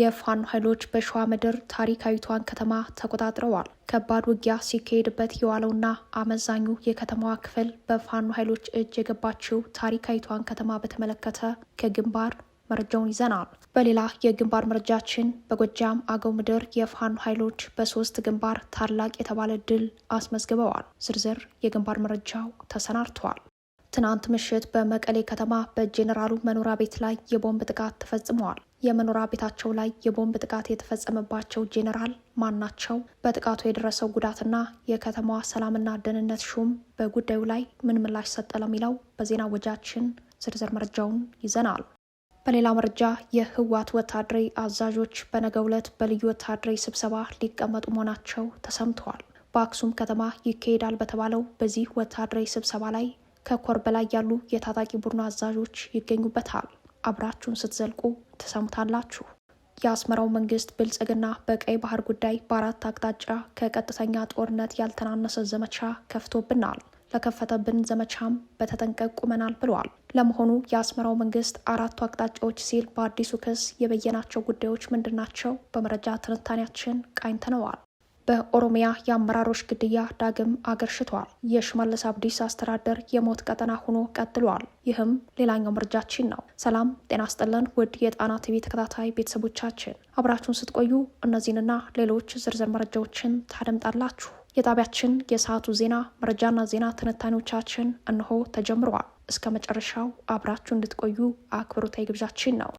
የፋኖ ኃይሎች በሸዋ ምድር ታሪካዊቷን ከተማ ተቆጣጥረዋል። ከባድ ውጊያ ሲካሄድበት የዋለውና አመዛኙ የከተማዋ ክፍል በፋኖ ኃይሎች እጅ የገባችው ታሪካዊቷን ከተማ በተመለከተ ከግንባር መረጃውን ይዘናል። በሌላ የግንባር መረጃችን በጎጃም አገው ምድር የፋኖ ኃይሎች በሶስት ግንባር ታላቅ የተባለ ድል አስመዝግበዋል። ዝርዝር የግንባር መረጃው ተሰናድተዋል። ትናንት ምሽት በመቀሌ ከተማ በጄኔራሉ መኖሪያ ቤት ላይ የቦምብ ጥቃት ተፈጽመዋል። የመኖሪያ ቤታቸው ላይ የቦምብ ጥቃት የተፈጸመባቸው ጄኔራል ማን ናቸው? በጥቃቱ የደረሰው ጉዳትና የከተማዋ ሰላምና ደህንነት ሹም በጉዳዩ ላይ ምን ምላሽ ሰጠ ለሚለው በዜና ወጃችን ዝርዝር መረጃውን ይዘናል። በሌላ መረጃ የህወሓት ወታደራዊ አዛዦች በነገው ዕለት በልዩ ወታደራዊ ስብሰባ ሊቀመጡ መሆናቸው ተሰምተዋል። በአክሱም ከተማ ይካሄዳል በተባለው በዚህ ወታደራዊ ስብሰባ ላይ ከኮር በላይ ያሉ የታጣቂ ቡድኑ አዛዦች ይገኙበታል። አብራችሁን ስትዘልቁ ትሰሙታላችሁ። የአስመራው መንግስት ብልጽግና በቀይ ባህር ጉዳይ በአራት አቅጣጫ ከቀጥተኛ ጦርነት ያልተናነሰ ዘመቻ ከፍቶብናል፣ ለከፈተብን ዘመቻም በተጠንቀቅ ቁመናል ብለዋል። ለመሆኑ የአስመራው መንግስት አራቱ አቅጣጫዎች ሲል በአዲሱ ክስ የበየናቸው ጉዳዮች ምንድናቸው? በመረጃ ትንታኔያችን ቃኝተነዋል። በኦሮሚያ የአመራሮች ግድያ ዳግም አገርሽቷል። የሽመልስ አብዲስ አስተዳደር የሞት ቀጠና ሆኖ ቀጥሏል። ይህም ሌላኛው መረጃችን ነው። ሰላም ጤና ስጥልን ውድ የጣና ቲቪ ተከታታይ ቤተሰቦቻችን አብራችሁን ስትቆዩ እነዚህንና ሌሎች ዝርዝር መረጃዎችን ታደምጣላችሁ። የጣቢያችን የሰዓቱ ዜና መረጃና ዜና ትንታኔዎቻችን እንሆ ተጀምረዋል። እስከ መጨረሻው አብራችሁ እንድትቆዩ አክብሮታዊ ግብዣችን ነው።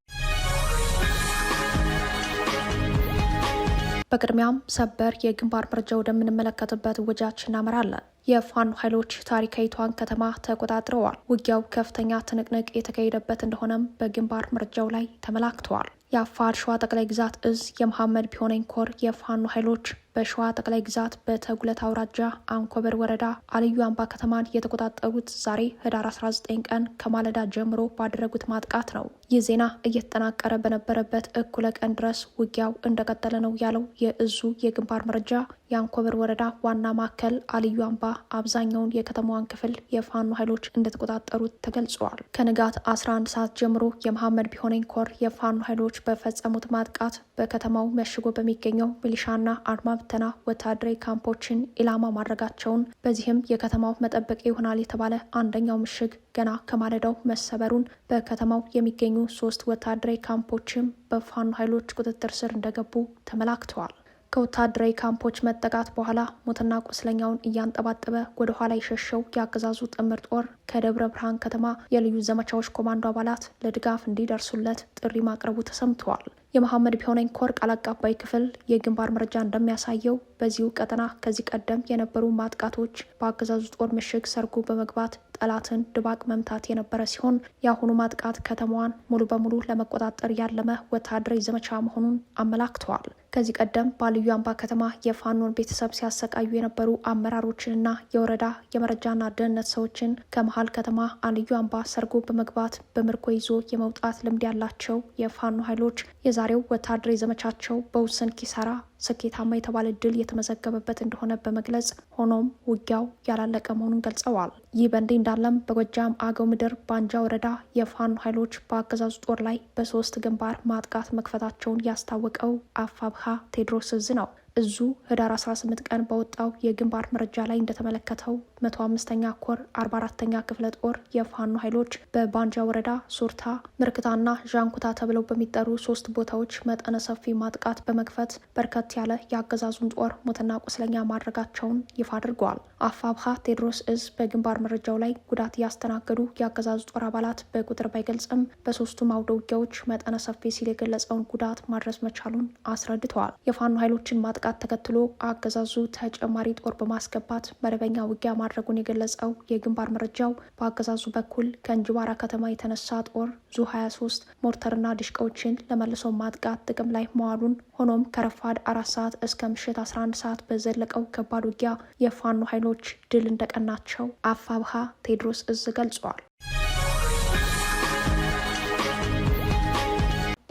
በቅድሚያም ሰበር የግንባር መረጃ ወደምንመለከትበት ውጃችን እናመራለን። የፋኖ ኃይሎች ታሪካዊቷን ከተማ ተቆጣጥረዋል። ውጊያው ከፍተኛ ትንቅንቅ የተካሄደበት እንደሆነም በግንባር መረጃው ላይ ተመላክተዋል። የአፋር ሸዋ ጠቅላይ ግዛት እዝ የመሐመድ ቢሆነኝ ኮር የፋኖ ኃይሎች በሸዋ ጠቅላይ ግዛት በተጉለት አውራጃ አንኮበር ወረዳ አልዩ አምባ ከተማን የተቆጣጠሩት ዛሬ ህዳር 19 ቀን ከማለዳ ጀምሮ ባደረጉት ማጥቃት ነው። ይህ ዜና እየተጠናቀረ በነበረበት እኩለ ቀን ድረስ ውጊያው እንደቀጠለ ነው ያለው የእዙ የግንባር መረጃ የአንኮበር ወረዳ ዋና ማዕከል አልዩ አምባ አብዛኛውን የከተማዋን ክፍል የፋኖ ኃይሎች እንደተቆጣጠሩት ተገልጿል። ከንጋት 11 ሰዓት ጀምሮ የመሐመድ ቢሆነኝ ኮር የፋኖ ኃይሎች በፈጸሙት ማጥቃት በከተማው መሽጎ በሚገኘው ሚሊሻና አድማ ብተና ወታደራዊ ካምፖችን ኢላማ ማድረጋቸውን በዚህም የከተማው መጠበቂያ ይሆናል የተባለ አንደኛው ምሽግ ገና ከማለዳው መሰበሩን በከተማው የሚገኙ ሶስት ወታደራዊ ካምፖችም በፋኖ ኃይሎች ቁጥጥር ስር እንደገቡ ተመላክተዋል። ከወታደራዊ ካምፖች መጠቃት በኋላ ሞትና ቁስለኛውን እያንጠባጠበ ወደ ኋላ የሸሸው የአገዛዙ ጥምር ጦር ከደብረ ብርሃን ከተማ የልዩ ዘመቻዎች ኮማንዶ አባላት ለድጋፍ እንዲደርሱለት ጥሪ ማቅረቡ ተሰምተዋል። የመሐመድ ፒዮነኝ ኮር ቃል አቀባይ ክፍል የግንባር መረጃ እንደሚያሳየው በዚሁ ቀጠና ከዚህ ቀደም የነበሩ ማጥቃቶች በአገዛዙ ጦር ምሽግ ሰርጎ በመግባት ጠላትን ድባቅ መምታት የነበረ ሲሆን የአሁኑ ማጥቃት ከተማዋን ሙሉ በሙሉ ለመቆጣጠር ያለመ ወታደራዊ ዘመቻ መሆኑን አመላክተዋል። ከዚህ ቀደም በልዩ አምባ ከተማ የፋኖን ቤተሰብ ሲያሰቃዩ የነበሩ አመራሮችንና የወረዳ የመረጃና ደህንነት ሰዎችን ከመሀል ከተማ አልዩ አምባ ሰርጎ በመግባት በምርኮ ይዞ የመውጣት ልምድ ያላቸው የፋኖ ኃይሎች የዛሬው ወታደራዊ ዘመቻቸው በውስን ኪሳራ ስኬታማ የተባለ ድል የተመዘገበበት እንደሆነ በመግለጽ ሆኖም ውጊያው ያላለቀ መሆኑን ገልጸዋል። ይህ በእንዲህ እንዳለም በጎጃም አገው ምድር በአንጃ ወረዳ የፋኖ ኃይሎች በአገዛዙ ጦር ላይ በሶስት ግንባር ማጥቃት መክፈታቸውን ያስታወቀው አፋብኃ ቴዎድሮስ እዝ ነው። እዙ ህዳር 18 ቀን በወጣው የግንባር መረጃ ላይ እንደተመለከተው መቶ ኛ ኮር ኮር44ኛ ክፍለ ጦር የፋኖ ኃይሎች በባንጃ ወረዳ ሱርታ፣ ምርክታና ዣንኩታ ተብለው በሚጠሩ ሶስት ቦታዎች መጠነ ሰፊ ማጥቃት በመክፈት በርከት ያለ የአገዛዙን ጦር ሞትና ቁስለኛ ማድረጋቸውን ይፋ አድርገዋል። አፋብሃ ቴዎድሮስ እዝ በግንባር መረጃው ላይ ጉዳት እያስተናገዱ የአገዛዙ ጦር አባላት በቁጥር ባይገልጽም በሶስቱም አውደ ውጊያዎች መጠነ ሰፊ ሲል የገለጸውን ጉዳት ማድረስ መቻሉን አስረድተዋል። የፋኖ ኃይሎችን ማጥቃት ጥቃት ተከትሎ አገዛዙ ተጨማሪ ጦር በማስገባት መደበኛ ውጊያ ማድረጉን የገለጸው የግንባር መረጃው በአገዛዙ በኩል ከእንጅባራ ከተማ የተነሳ ጦር ዙ 23 ሞርተርና ድሽቃዎችን ለመልሶ ማጥቃት ጥቅም ላይ መዋሉን ሆኖም ከረፋድ አራት ሰዓት እስከ ምሽት 11 ሰዓት በዘለቀው ከባድ ውጊያ የፋኖ ኃይሎች ድል እንደቀናቸው አፋብሃ ቴዎድሮስ እዝ ገልጿል።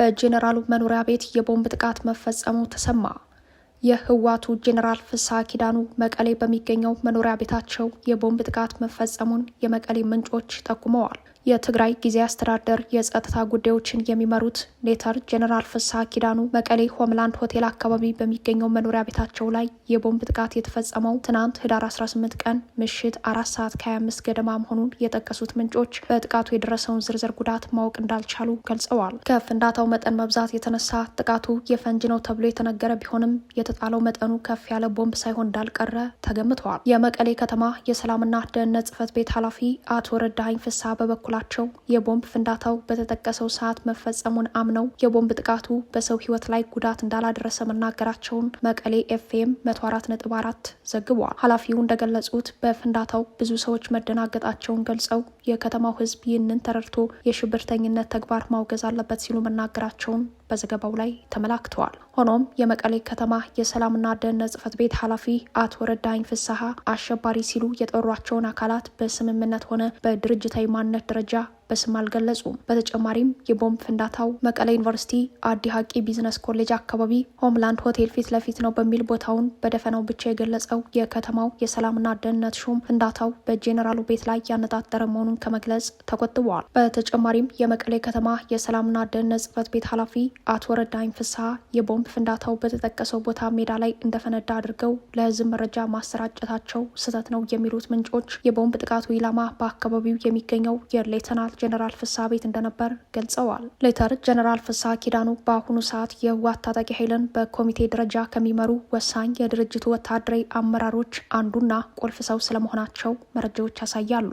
በጄኔራሉ መኖሪያ ቤት የቦምብ ጥቃት መፈጸሙ ተሰማ። የህዋቱ ጄኔራል ፍስሐ ኪዳኑ መቀሌ በሚገኘው መኖሪያ ቤታቸው የቦምብ ጥቃት መፈጸሙን የመቀሌ ምንጮች ጠቁመዋል። የትግራይ ጊዜ አስተዳደር የጸጥታ ጉዳዮችን የሚመሩት ሌተር ጄኔራል ፍስሐ ኪዳኑ መቀሌ ሆምላንድ ሆቴል አካባቢ በሚገኘው መኖሪያ ቤታቸው ላይ የቦምብ ጥቃት የተፈጸመው ትናንት ህዳር 18 ቀን ምሽት አራት ሰዓት ከ25 ገደማ መሆኑን የጠቀሱት ምንጮች በጥቃቱ የደረሰውን ዝርዝር ጉዳት ማወቅ እንዳልቻሉ ገልጸዋል። ከፍንዳታው መጠን መብዛት የተነሳ ጥቃቱ የፈንጅ ነው ተብሎ የተነገረ ቢሆንም የተጣለው መጠኑ ከፍ ያለ ቦምብ ሳይሆን እንዳልቀረ ተገምተዋል። የመቀሌ ከተማ የሰላምና ደህንነት ጽህፈት ቤት ኃላፊ አቶ ረዳሀኝ ፍስሐ በበኩላ በበኩላቸው የቦምብ ፍንዳታው በተጠቀሰው ሰዓት መፈጸሙን አምነው የቦምብ ጥቃቱ በሰው ህይወት ላይ ጉዳት እንዳላደረሰ መናገራቸውን መቀሌ ኤፍኤም 144 ዘግቧል። ኃላፊው እንደገለጹት በፍንዳታው ብዙ ሰዎች መደናገጣቸውን ገልጸው የከተማው ህዝብ ይህንን ተረድቶ የሽብርተኝነት ተግባር ማውገዝ አለበት ሲሉ መናገራቸውን በዘገባው ላይ ተመላክተዋል። ሆኖም የመቀሌ ከተማ የሰላምና ደህንነት ጽህፈት ቤት ኃላፊ አቶ ረዳኝ ፍስሐ አሸባሪ ሲሉ የጠሯቸውን አካላት በስምምነት ሆነ በድርጅታዊ ማንነት ደረጃ በስም አልገለጹም። በተጨማሪም የቦምብ ፍንዳታው መቀሌ ዩኒቨርሲቲ አዲ ሀቂ ቢዝነስ ኮሌጅ አካባቢ ሆምላንድ ሆቴል ፊት ለፊት ነው በሚል ቦታውን በደፈናው ብቻ የገለጸው የከተማው የሰላምና ደህንነት ሹም ፍንዳታው በጄኔራሉ ቤት ላይ ያነጣጠረ መሆኑን ከመግለጽ ተቆጥበዋል። በተጨማሪም የመቀሌ ከተማ የሰላምና ደህንነት ጽፈት ቤት ኃላፊ አቶ ረዳኝ ፍስሀ የቦምብ ፍንዳታው በተጠቀሰው ቦታ ሜዳ ላይ እንደፈነዳ አድርገው ለህዝብ መረጃ ማሰራጨታቸው ስህተት ነው የሚሉት ምንጮች የቦምብ ጥቃቱ ኢላማ በአካባቢው የሚገኘው የሌተናል ጀኔራል ፍሳ ቤት እንደነበር ገልጸዋል። ሌተር ጀኔራል ፍሳ ኪዳኑ በአሁኑ ሰዓት የህወሓት ታጣቂ ኃይልን በኮሚቴ ደረጃ ከሚመሩ ወሳኝ የድርጅቱ ወታደራዊ አመራሮች አንዱና ቁልፍ ሰው ስለመሆናቸው መረጃዎች ያሳያሉ።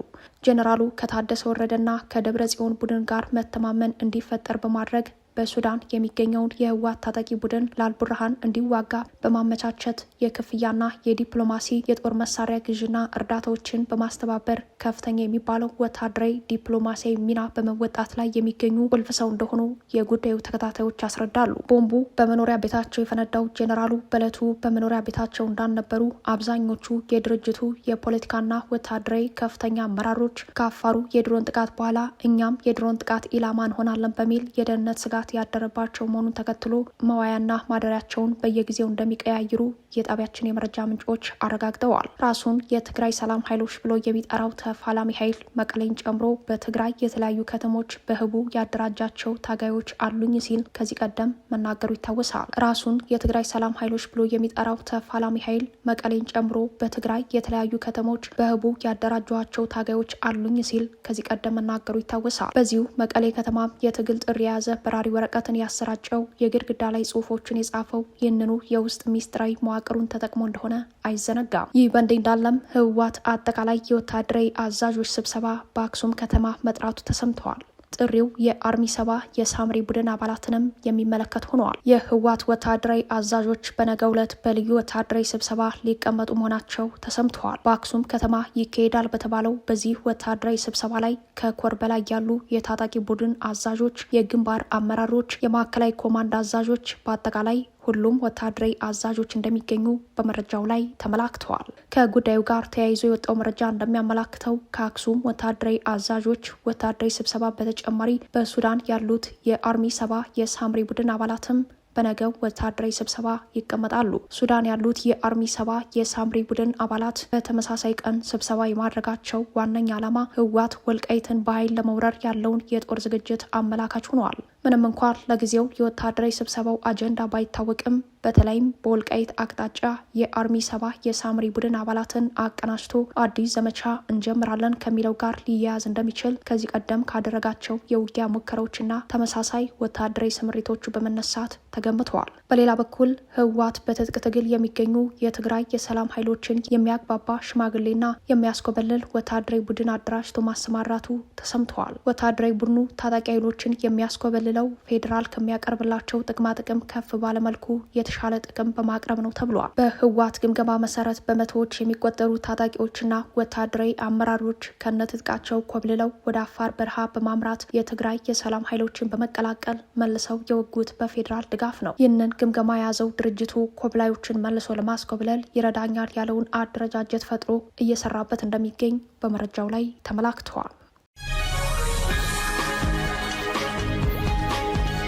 ጀኔራሉ ከታደሰ ወረደና ከደብረ ጽዮን ቡድን ጋር መተማመን እንዲፈጠር በማድረግ በሱዳን የሚገኘውን የህወሓት ታጣቂ ቡድን ላልቡርሃን እንዲዋጋ በማመቻቸት የክፍያና የዲፕሎማሲ የጦር መሳሪያ ግዥና እርዳታዎችን በማስተባበር ከፍተኛ የሚባለው ወታደራዊ ዲፕሎማሲያዊ ሚና በመወጣት ላይ የሚገኙ ቁልፍ ሰው እንደሆኑ የጉዳዩ ተከታታዮች ያስረዳሉ። ቦምቡ በመኖሪያ ቤታቸው የፈነዳው ጄኔራሉ በእለቱ በመኖሪያ ቤታቸው እንዳልነበሩ አብዛኞቹ የድርጅቱ የፖለቲካና ወታደራዊ ከፍተኛ አመራሮች ካፋሩ የድሮን ጥቃት በኋላ እኛም የድሮን ጥቃት ኢላማ እንሆናለን በሚል የደህንነት ስጋት ጉዳት ያደረባቸው መሆኑን ተከትሎ መዋያና ማደሪያቸውን በየጊዜው እንደሚቀያይሩ የጣቢያችን የመረጃ ምንጮች አረጋግጠዋል። ራሱን የትግራይ ሰላም ኃይሎች ብሎ የሚጠራው ተፋላሚ ኃይል መቀሌን ጨምሮ በትግራይ የተለያዩ ከተሞች በህቡ ያደራጃቸው ታጋዮች አሉኝ ሲል ከዚህ ቀደም መናገሩ ይታወሳል። ራሱን የትግራይ ሰላም ኃይሎች ብሎ የሚጠራው ተፋላሚ ኃይል መቀሌን ጨምሮ በትግራይ የተለያዩ ከተሞች በህቡ ያደራጇቸው ታጋዮች አሉኝ ሲል ከዚህ ቀደም መናገሩ ይታወሳል። በዚሁ መቀሌ ከተማም የትግል ጥሪ የያዘ በራሪ ወረቀትን ያሰራጨው የግድግዳ ላይ ጽሁፎችን የጻፈው ይህንኑ የውስጥ ሚስጥራዊ መዋቅሩን ተጠቅሞ እንደሆነ አይዘነጋም። ይህ በእንዲህ እንዳለም ህወሓት አጠቃላይ የወታደራዊ አዛዦች ስብሰባ በአክሱም ከተማ መጥራቱ ተሰምተዋል። ጥሪው የአርሚ ሰባ የሳምሪ ቡድን አባላትንም የሚመለከት ሆነዋል። የህወሓት ወታደራዊ አዛዦች በነገው ዕለት በልዩ ወታደራዊ ስብሰባ ሊቀመጡ መሆናቸው ተሰምተዋል። በአክሱም ከተማ ይካሄዳል በተባለው በዚህ ወታደራዊ ስብሰባ ላይ ከኮር በላይ ያሉ የታጣቂ ቡድን አዛዦች፣ የግንባር አመራሮች፣ የማዕከላዊ ኮማንድ አዛዦች በአጠቃላይ ሁሉም ወታደራዊ አዛዦች እንደሚገኙ በመረጃው ላይ ተመላክተዋል። ከጉዳዩ ጋር ተያይዞ የወጣው መረጃ እንደሚያመላክተው ከአክሱም ወታደራዊ አዛዦች ወታደራዊ ስብሰባ በተጨማሪ በሱዳን ያሉት የአርሚ ሰባ የሳምሪ ቡድን አባላትም በነገው ወታደራዊ ስብሰባ ይቀመጣሉ። ሱዳን ያሉት የአርሚ ሰባ የሳምሪ ቡድን አባላት በተመሳሳይ ቀን ስብሰባ የማድረጋቸው ዋነኛ ዓላማ ህወሓት ወልቃይትን በኃይል ለመውረር ያለውን የጦር ዝግጅት አመላካች ሆነዋል። ምንም እንኳን ለጊዜው የወታደራዊ ስብሰባው አጀንዳ ባይታወቅም በተለይም በወልቃይት አቅጣጫ የአርሚ ሰባ የሳምሪ ቡድን አባላትን አቀናጅቶ አዲስ ዘመቻ እንጀምራለን ከሚለው ጋር ሊያያዝ እንደሚችል ከዚህ ቀደም ካደረጋቸው የውጊያ ሙከራዎችና ተመሳሳይ ወታደራዊ ስምሪቶቹ በመነሳት ተገምተዋል። በሌላ በኩል ህወሓት በትጥቅ ትግል የሚገኙ የትግራይ የሰላም ኃይሎችን የሚያግባባ ሽማግሌና የሚያስኮበልል ወታደራዊ ቡድን አደራጅቶ ማሰማራቱ ተሰምተዋል። ወታደራዊ ቡድኑ ታጣቂ ኃይሎችን የሚያስኮበልል አካልለው ፌዴራል ከሚያቀርብላቸው ጥቅማ ጥቅም ከፍ ባለመልኩ የተሻለ ጥቅም በማቅረብ ነው ተብሏል። በህወሓት ግምገማ መሰረት በመቶዎች የሚቆጠሩ ታጣቂዎችና ወታደራዊ አመራሮች ከነትጥቃቸው ኮብልለው ወደ አፋር በረሃ በማምራት የትግራይ የሰላም ኃይሎችን በመቀላቀል መልሰው የወጉት በፌዴራል ድጋፍ ነው። ይህንን ግምገማ የያዘው ድርጅቱ ኮብላዮችን መልሶ ለማስኮብለል ይረዳኛል ያለውን አደረጃጀት ፈጥሮ እየሰራበት እንደሚገኝ በመረጃው ላይ ተመላክተዋል።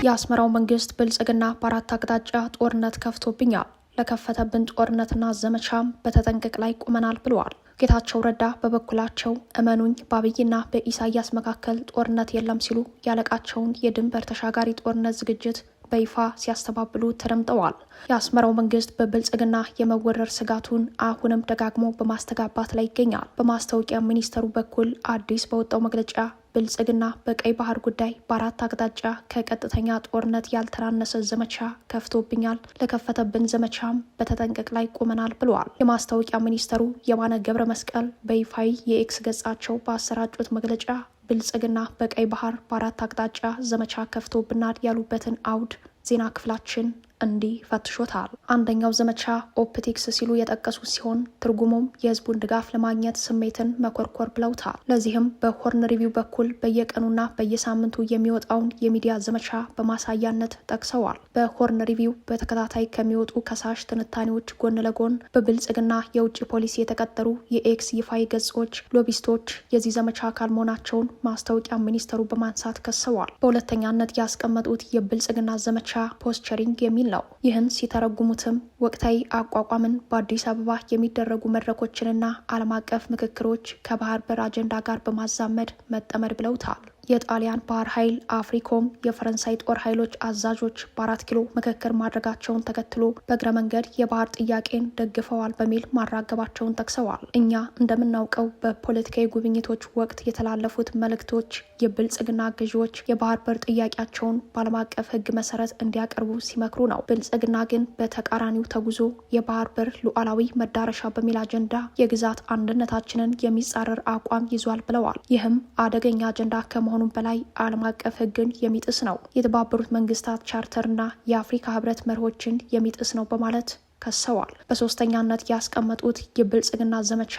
የአስመራው መንግስት ብልጽግና በአራት አቅጣጫ ጦርነት ከፍቶብኛል፣ ለከፈተብን ጦርነትና ዘመቻም በተጠንቀቅ ላይ ቁመናል ብለዋል። ጌታቸው ረዳ በበኩላቸው እመኑኝ በአብይና በኢሳያስ መካከል ጦርነት የለም ሲሉ ያለቃቸውን የድንበር ተሻጋሪ ጦርነት ዝግጅት በይፋ ሲያስተባብሉ ተደምጠዋል። የአስመራው መንግስት በብልጽግና የመወረር ስጋቱን አሁንም ደጋግሞ በማስተጋባት ላይ ይገኛል። በማስታወቂያ ሚኒስተሩ በኩል አዲስ በወጣው መግለጫ ብልጽግና በቀይ ባህር ጉዳይ በአራት አቅጣጫ ከቀጥተኛ ጦርነት ያልተናነሰ ዘመቻ ከፍቶብኛል፣ ለከፈተብን ዘመቻም በተጠንቀቅ ላይ ቆመናል ብለዋል። የማስታወቂያ ሚኒስተሩ የማነ ገብረ መስቀል በይፋዊ የኤክስ ገጻቸው በአሰራጩት መግለጫ ብልጽግና በቀይ ባህር በአራት አቅጣጫ ዘመቻ ከፍቶብናል ያሉበትን አውድ ዜና ክፍላችን እንዲህ ፈትሾታል። አንደኛው ዘመቻ ኦፕቲክስ ሲሉ የጠቀሱ ሲሆን ትርጉሙም የህዝቡን ድጋፍ ለማግኘት ስሜትን መኮርኮር ብለውታል። ለዚህም በሆርን ሪቪው በኩል በየቀኑና በየሳምንቱ የሚወጣውን የሚዲያ ዘመቻ በማሳያነት ጠቅሰዋል። በሆርን ሪቪው በተከታታይ ከሚወጡ ከሳሽ ትንታኔዎች ጎን ለጎን በብልጽግና የውጭ ፖሊሲ የተቀጠሩ የኤክስ ይፋይ ገጾች ሎቢስቶች የዚህ ዘመቻ አካል መሆናቸውን ማስታወቂያ ሚኒስተሩ በማንሳት ከሰዋል። በሁለተኛነት ያስቀመጡት የብልጽግና ዘመቻ ፖስቸሪንግ የሚል የሚል ነው። ይህን ሲተረጉሙትም ወቅታዊ አቋቋምን በአዲስ አበባ የሚደረጉ መድረኮችንና ዓለም አቀፍ ምክክሮች ከባህር በር አጀንዳ ጋር በማዛመድ መጠመድ ብለውታል። የጣሊያን ባህር ኃይል አፍሪኮም የፈረንሳይ ጦር ኃይሎች አዛዦች በአራት ኪሎ ምክክር ማድረጋቸውን ተከትሎ በእግረ መንገድ የባህር ጥያቄን ደግፈዋል በሚል ማራገባቸውን ጠቅሰዋል። እኛ እንደምናውቀው በፖለቲካዊ ጉብኝቶች ወቅት የተላለፉት መልእክቶች የብልጽግና ገዢዎች የባህር በር ጥያቄያቸውን በዓለም አቀፍ ሕግ መሰረት እንዲያቀርቡ ሲመክሩ ነው። ብልጽግና ግን በተቃራኒው ተጉዞ የባህር በር ሉዓላዊ መዳረሻ በሚል አጀንዳ የግዛት አንድነታችንን የሚጻረር አቋም ይዟል ብለዋል። ይህም አደገኛ አጀንዳ ከመሆ ከመሆኑም በላይ ዓለም አቀፍ ሕግን የሚጥስ ነው፣ የተባበሩት መንግስታት ቻርተርና የአፍሪካ ህብረት መርሆችን የሚጥስ ነው በማለት ከሰዋል። በሶስተኛነት ያስቀመጡት የብልጽግና ዘመቻ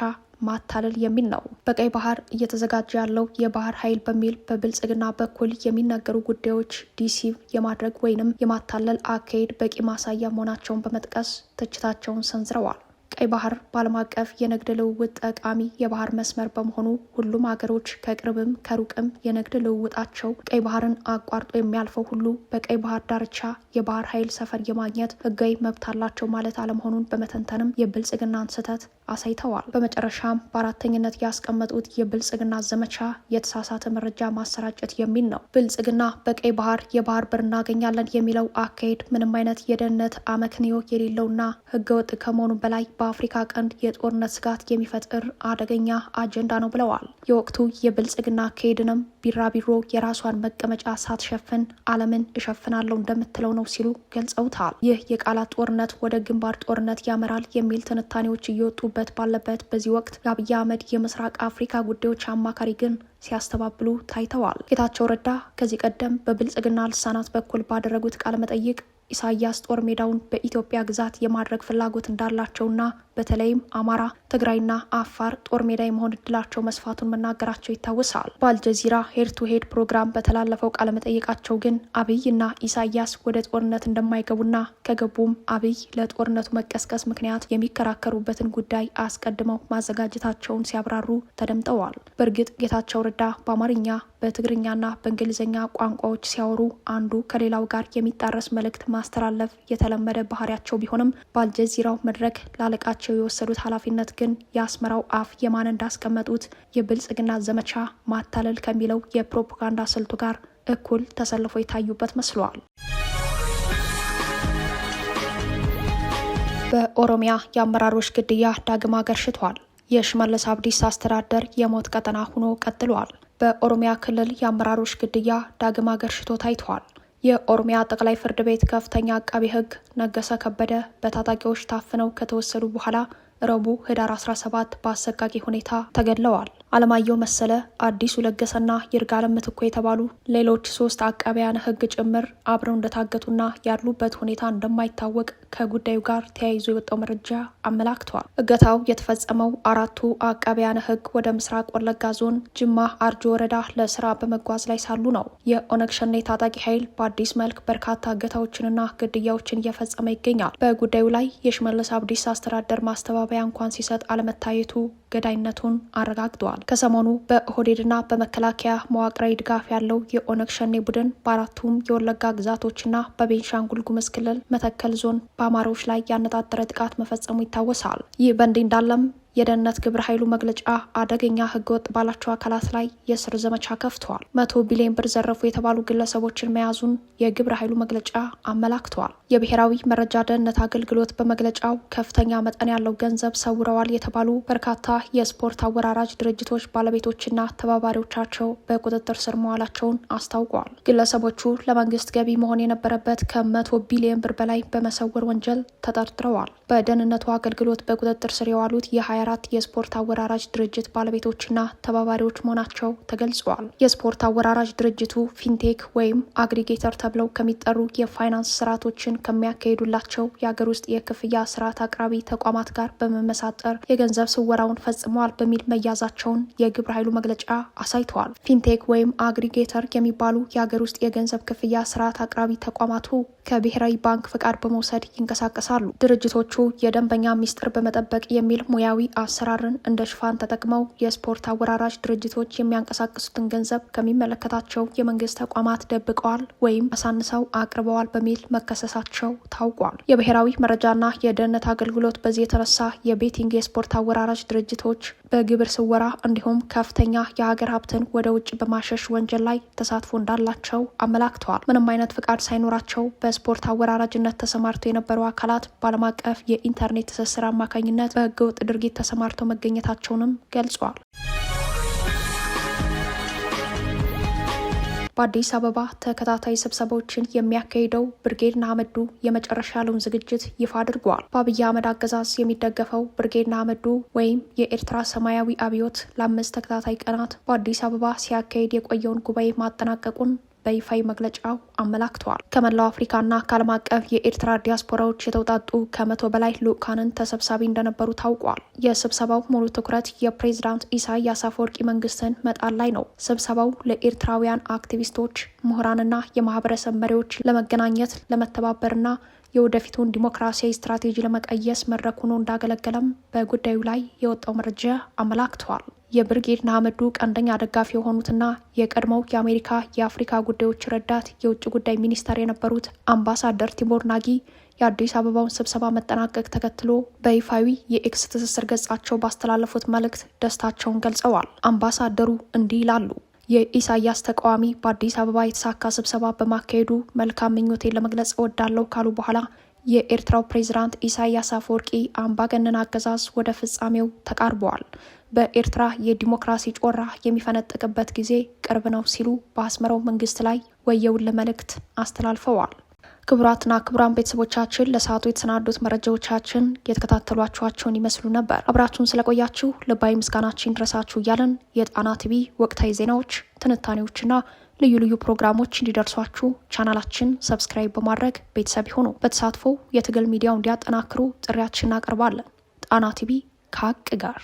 ማታለል የሚል ነው። በቀይ ባህር እየተዘጋጀ ያለው የባህር ኃይል በሚል በብልጽግና በኩል የሚነገሩ ጉዳዮች ዲሲቭ የማድረግ ወይንም የማታለል አካሄድ በቂ ማሳያ መሆናቸውን በመጥቀስ ትችታቸውን ሰንዝረዋል። ቀይ ባህር በዓለም አቀፍ የንግድ ልውውጥ ጠቃሚ የባህር መስመር በመሆኑ ሁሉም ሀገሮች ከቅርብም ከሩቅም የንግድ ልውውጣቸው ቀይ ባህርን አቋርጦ የሚያልፈው ሁሉ በቀይ ባህር ዳርቻ የባህር ኃይል ሰፈር የማግኘት ህጋዊ መብት አላቸው ማለት አለመሆኑን በመተንተንም የብልጽግናን ስህተት አሳይተዋል። በመጨረሻም በአራተኝነት ያስቀመጡት የብልጽግና ዘመቻ የተሳሳተ መረጃ ማሰራጨት የሚል ነው። ብልጽግና በቀይ ባህር የባህር በር እናገኛለን የሚለው አካሄድ ምንም አይነት የደህንነት አመክንዮ የሌለውና ሕገወጥ ከመሆኑ በላይ በአፍሪካ ቀንድ የጦርነት ስጋት የሚፈጥር አደገኛ አጀንዳ ነው ብለዋል። የወቅቱ የብልጽግና ከሄድንም ቢራቢሮ የራሷን መቀመጫ ሳትሸፍን ዓለምን እሸፍናለሁ እንደምትለው ነው ሲሉ ገልጸውታል። ይህ የቃላት ጦርነት ወደ ግንባር ጦርነት ያመራል የሚል ትንታኔዎች እየወጡበት ባለበት በዚህ ወቅት የአብይ አህመድ የምስራቅ አፍሪካ ጉዳዮች አማካሪ ግን ሲያስተባብሉ ታይተዋል። ጌታቸው ረዳ ከዚህ ቀደም በብልጽግና ልሳናት በኩል ባደረጉት ቃለ መጠይቅ ኢሳያስ ጦር ሜዳውን በኢትዮጵያ ግዛት የማድረግ ፍላጎት እንዳላቸውና በተለይም አማራ፣ ትግራይና አፋር ጦር ሜዳ የመሆን እድላቸው መስፋቱን መናገራቸው ይታወሳል። በአልጀዚራ ሄድ ቱ ሄድ ፕሮግራም በተላለፈው መጠየቃቸው ግን አብይና ኢሳያስ ወደ ጦርነት እንደማይገቡና ከገቡም አብይ ለጦርነቱ መቀስቀስ ምክንያት የሚከራከሩበትን ጉዳይ አስቀድመው ማዘጋጀታቸውን ሲያብራሩ ተደምጠዋል። በእርግጥ ጌታቸው ረዳ በአማርኛ በትግርኛና በእንግሊዝኛ ቋንቋዎች ሲያወሩ አንዱ ከሌላው ጋር የሚጣረስ መልእክት ማስተላለፍ የተለመደ ባህሪያቸው ቢሆንም በአልጀዚራው መድረክ ላለቃቸው የወሰዱት ኃላፊነት ግን የአስመራው አፍ የማን እንዳስቀመጡት የብልጽግና ዘመቻ ማታለል ከሚለው የፕሮፓጋንዳ ስልቱ ጋር እኩል ተሰልፎ የታዩበት መስለዋል። በኦሮሚያ የአመራሮች ግድያ ዳግም አገርሽቷል። የሽመለስ አብዲስ አስተዳደር የሞት ቀጠና ሆኖ ቀጥሏል። በኦሮሚያ ክልል የአመራሮች ግድያ ዳግም አገርሽቶ ታይቷል። የኦሮሚያ ጠቅላይ ፍርድ ቤት ከፍተኛ አቃቤ ሕግ ነገሰ ከበደ በታጣቂዎች ታፍነው ከተወሰዱ በኋላ ረቡዕ ህዳር 17 በአሰቃቂ ሁኔታ ተገድለዋል። አለማየሁ መሰለ፣ አዲሱ ለገሰና ይርጋለም ምትኮ የተባሉ ሌሎች ሶስት አቃቢያን ሕግ ጭምር አብረው እንደታገቱና ያሉበት ሁኔታ እንደማይታወቅ ከጉዳዩ ጋር ተያይዞ የወጣው መረጃ አመላክተዋል። እገታው የተፈጸመው አራቱ አቃቢያነ ሕግ ወደ ምስራቅ ወለጋ ዞን ጅማ አርጆ ወረዳ ለስራ በመጓዝ ላይ ሳሉ ነው። የኦነግ ሸኔ ታጣቂ ኃይል በአዲስ መልክ በርካታ እገታዎችንና ግድያዎችን እየፈጸመ ይገኛል። በጉዳዩ ላይ የሽመልስ አብዲስ አስተዳደር ማስተባበያ እንኳን ሲሰጥ አለመታየቱ ገዳይነቱን አረጋግጠዋል። ከሰሞኑ በኦህዴድና በመከላከያ መዋቅራዊ ድጋፍ ያለው የኦነግ ሸኔ ቡድን በአራቱም የወለጋ ግዛቶችና በቤንሻንጉል ጉሙዝ ክልል መተከል ዞን በአማሪዎች ላይ ያነጣጠረ ጥቃት መፈጸሙ ይታወሳል። ይህ በእንዲህ እንዳለም የደህንነት ግብረ ኃይሉ መግለጫ አደገኛ ህገወጥ ባላቸው አካላት ላይ የስር ዘመቻ ከፍተዋል። መቶ ቢሊዮን ብር ዘረፉ የተባሉ ግለሰቦችን መያዙን የግብረ ኃይሉ መግለጫ አመላክተዋል። የብሔራዊ መረጃ ደህንነት አገልግሎት በመግለጫው ከፍተኛ መጠን ያለው ገንዘብ ሰውረዋል የተባሉ በርካታ የስፖርት አወራራጅ ድርጅቶች ባለቤቶችና ተባባሪዎቻቸው በቁጥጥር ስር መዋላቸውን አስታውቋል። ግለሰቦቹ ለመንግስት ገቢ መሆን የነበረበት ከመቶ ቢሊዮን ብር በላይ በመሰወር ወንጀል ተጠርጥረዋል። በደህንነቱ አገልግሎት በቁጥጥር ስር የዋሉት የሀያ 24 የስፖርት አወራራጅ ድርጅት ባለቤቶችና ተባባሪዎች መሆናቸው ተገልጸዋል። የስፖርት አወራራጅ ድርጅቱ ፊንቴክ ወይም አግሪጌተር ተብለው ከሚጠሩ የፋይናንስ ስርዓቶችን ከሚያካሂዱላቸው የአገር ውስጥ የክፍያ ስርዓት አቅራቢ ተቋማት ጋር በመመሳጠር የገንዘብ ስወራውን ፈጽመዋል በሚል መያዛቸውን የግብረ ኃይሉ መግለጫ አሳይተዋል። ፊንቴክ ወይም አግሪጌተር የሚባሉ የአገር ውስጥ የገንዘብ ክፍያ ስርዓት አቅራቢ ተቋማቱ ከብሔራዊ ባንክ ፈቃድ በመውሰድ ይንቀሳቀሳሉ። ድርጅቶቹ የደንበኛ ሚስጥር በመጠበቅ የሚል ሙያዊ አሰራርን እንደ ሽፋን ተጠቅመው የስፖርት አወራራጅ ድርጅቶች የሚያንቀሳቅሱትን ገንዘብ ከሚመለከታቸው የመንግስት ተቋማት ደብቀዋል ወይም አሳንሰው አቅርበዋል በሚል መከሰሳቸው ታውቋል። የብሔራዊ መረጃና የደህንነት አገልግሎት በዚህ የተነሳ የቤቲንግ የስፖርት አወራራጅ ድርጅቶች በግብር ስወራ እንዲሁም ከፍተኛ የሀገር ሀብትን ወደ ውጭ በማሸሽ ወንጀል ላይ ተሳትፎ እንዳላቸው አመላክተዋል። ምንም አይነት ፍቃድ ሳይኖራቸው በስፖርት አወራራጅነት ተሰማርተው የነበሩ አካላት በዓለም አቀፍ የኢንተርኔት ትስስር አማካኝነት በህገወጥ ድርጊት ተሰማርተው መገኘታቸውንም ገልጿል። በአዲስ አበባ ተከታታይ ስብሰባዎችን የሚያካሂደው ብርጌድ ንሓመዱ የመጨረሻ ያለውን ዝግጅት ይፋ አድርጓል። በአብይ አህመድ አገዛዝ የሚደገፈው ብርጌድ ንሓመዱ ወይም የኤርትራ ሰማያዊ አብዮት ለአምስት ተከታታይ ቀናት በአዲስ አበባ ሲያካሂድ የቆየውን ጉባኤ ማጠናቀቁን በይፋዊ መግለጫው አመላክተዋል። ከመላው አፍሪካና ከዓለም አቀፍ የኤርትራ ዲያስፖራዎች የተውጣጡ ከመቶ በላይ ልዑካንን ተሰብሳቢ እንደነበሩ ታውቋል። የስብሰባው ሙሉ ትኩረት የፕሬዚዳንት ኢሳያስ አፈወርቂ መንግስትን መጣል ላይ ነው። ስብሰባው ለኤርትራውያን አክቲቪስቶች፣ ምሁራንና የማህበረሰብ መሪዎች ለመገናኘት ለመተባበርና የወደፊቱን ዲሞክራሲያዊ ስትራቴጂ ለመቀየስ መድረክ ሆኖ እንዳገለገለም በጉዳዩ ላይ የወጣው መረጃ አመላክተዋል። የብርጌድ ንሓመዱ ቀንደኛ ደጋፊ የሆኑትና የቀድሞው የአሜሪካ የአፍሪካ ጉዳዮች ረዳት የውጭ ጉዳይ ሚኒስተር የነበሩት አምባሳደር ቲሞር ናጊ የአዲስ አበባውን ስብሰባ መጠናቀቅ ተከትሎ በይፋዊ የኤክስ ትስስር ገጻቸው ባስተላለፉት መልእክት ደስታቸውን ገልጸዋል። አምባሳደሩ እንዲህ ይላሉ። የኢሳያስ ተቃዋሚ በአዲስ አበባ የተሳካ ስብሰባ በማካሄዱ መልካም ምኞቴን ለመግለጽ እወዳለሁ ካሉ በኋላ የኤርትራው ፕሬዝዳንት ኢሳያስ አፈወርቂ አምባገነን አገዛዝ ወደ ፍጻሜው ተቃርበዋል። በኤርትራ የዲሞክራሲ ጮራ የሚፈነጥቅበት ጊዜ ቅርብ ነው ሲሉ በአስመራው መንግስት ላይ ወየውን ለመልእክት አስተላልፈዋል። ክቡራትና ክቡራን ቤተሰቦቻችን ለሰዓቱ የተሰናዱት መረጃዎቻችን የተከታተሏችኋቸውን ይመስሉ ነበር። አብራችሁን ስለቆያችሁ ልባዊ ምስጋናችን ድረሳችሁ እያለን የጣና ቲቪ ወቅታዊ ዜናዎች፣ ትንታኔዎችና ልዩ ልዩ ፕሮግራሞች እንዲደርሷችሁ ቻናላችን ሰብስክራይብ በማድረግ ቤተሰብ ይሁኑ። በተሳትፎ የትግል ሚዲያው እንዲያጠናክሩ ጥሪያችን እናቀርባለን። ጣና ቲቪ ከሀቅ ጋር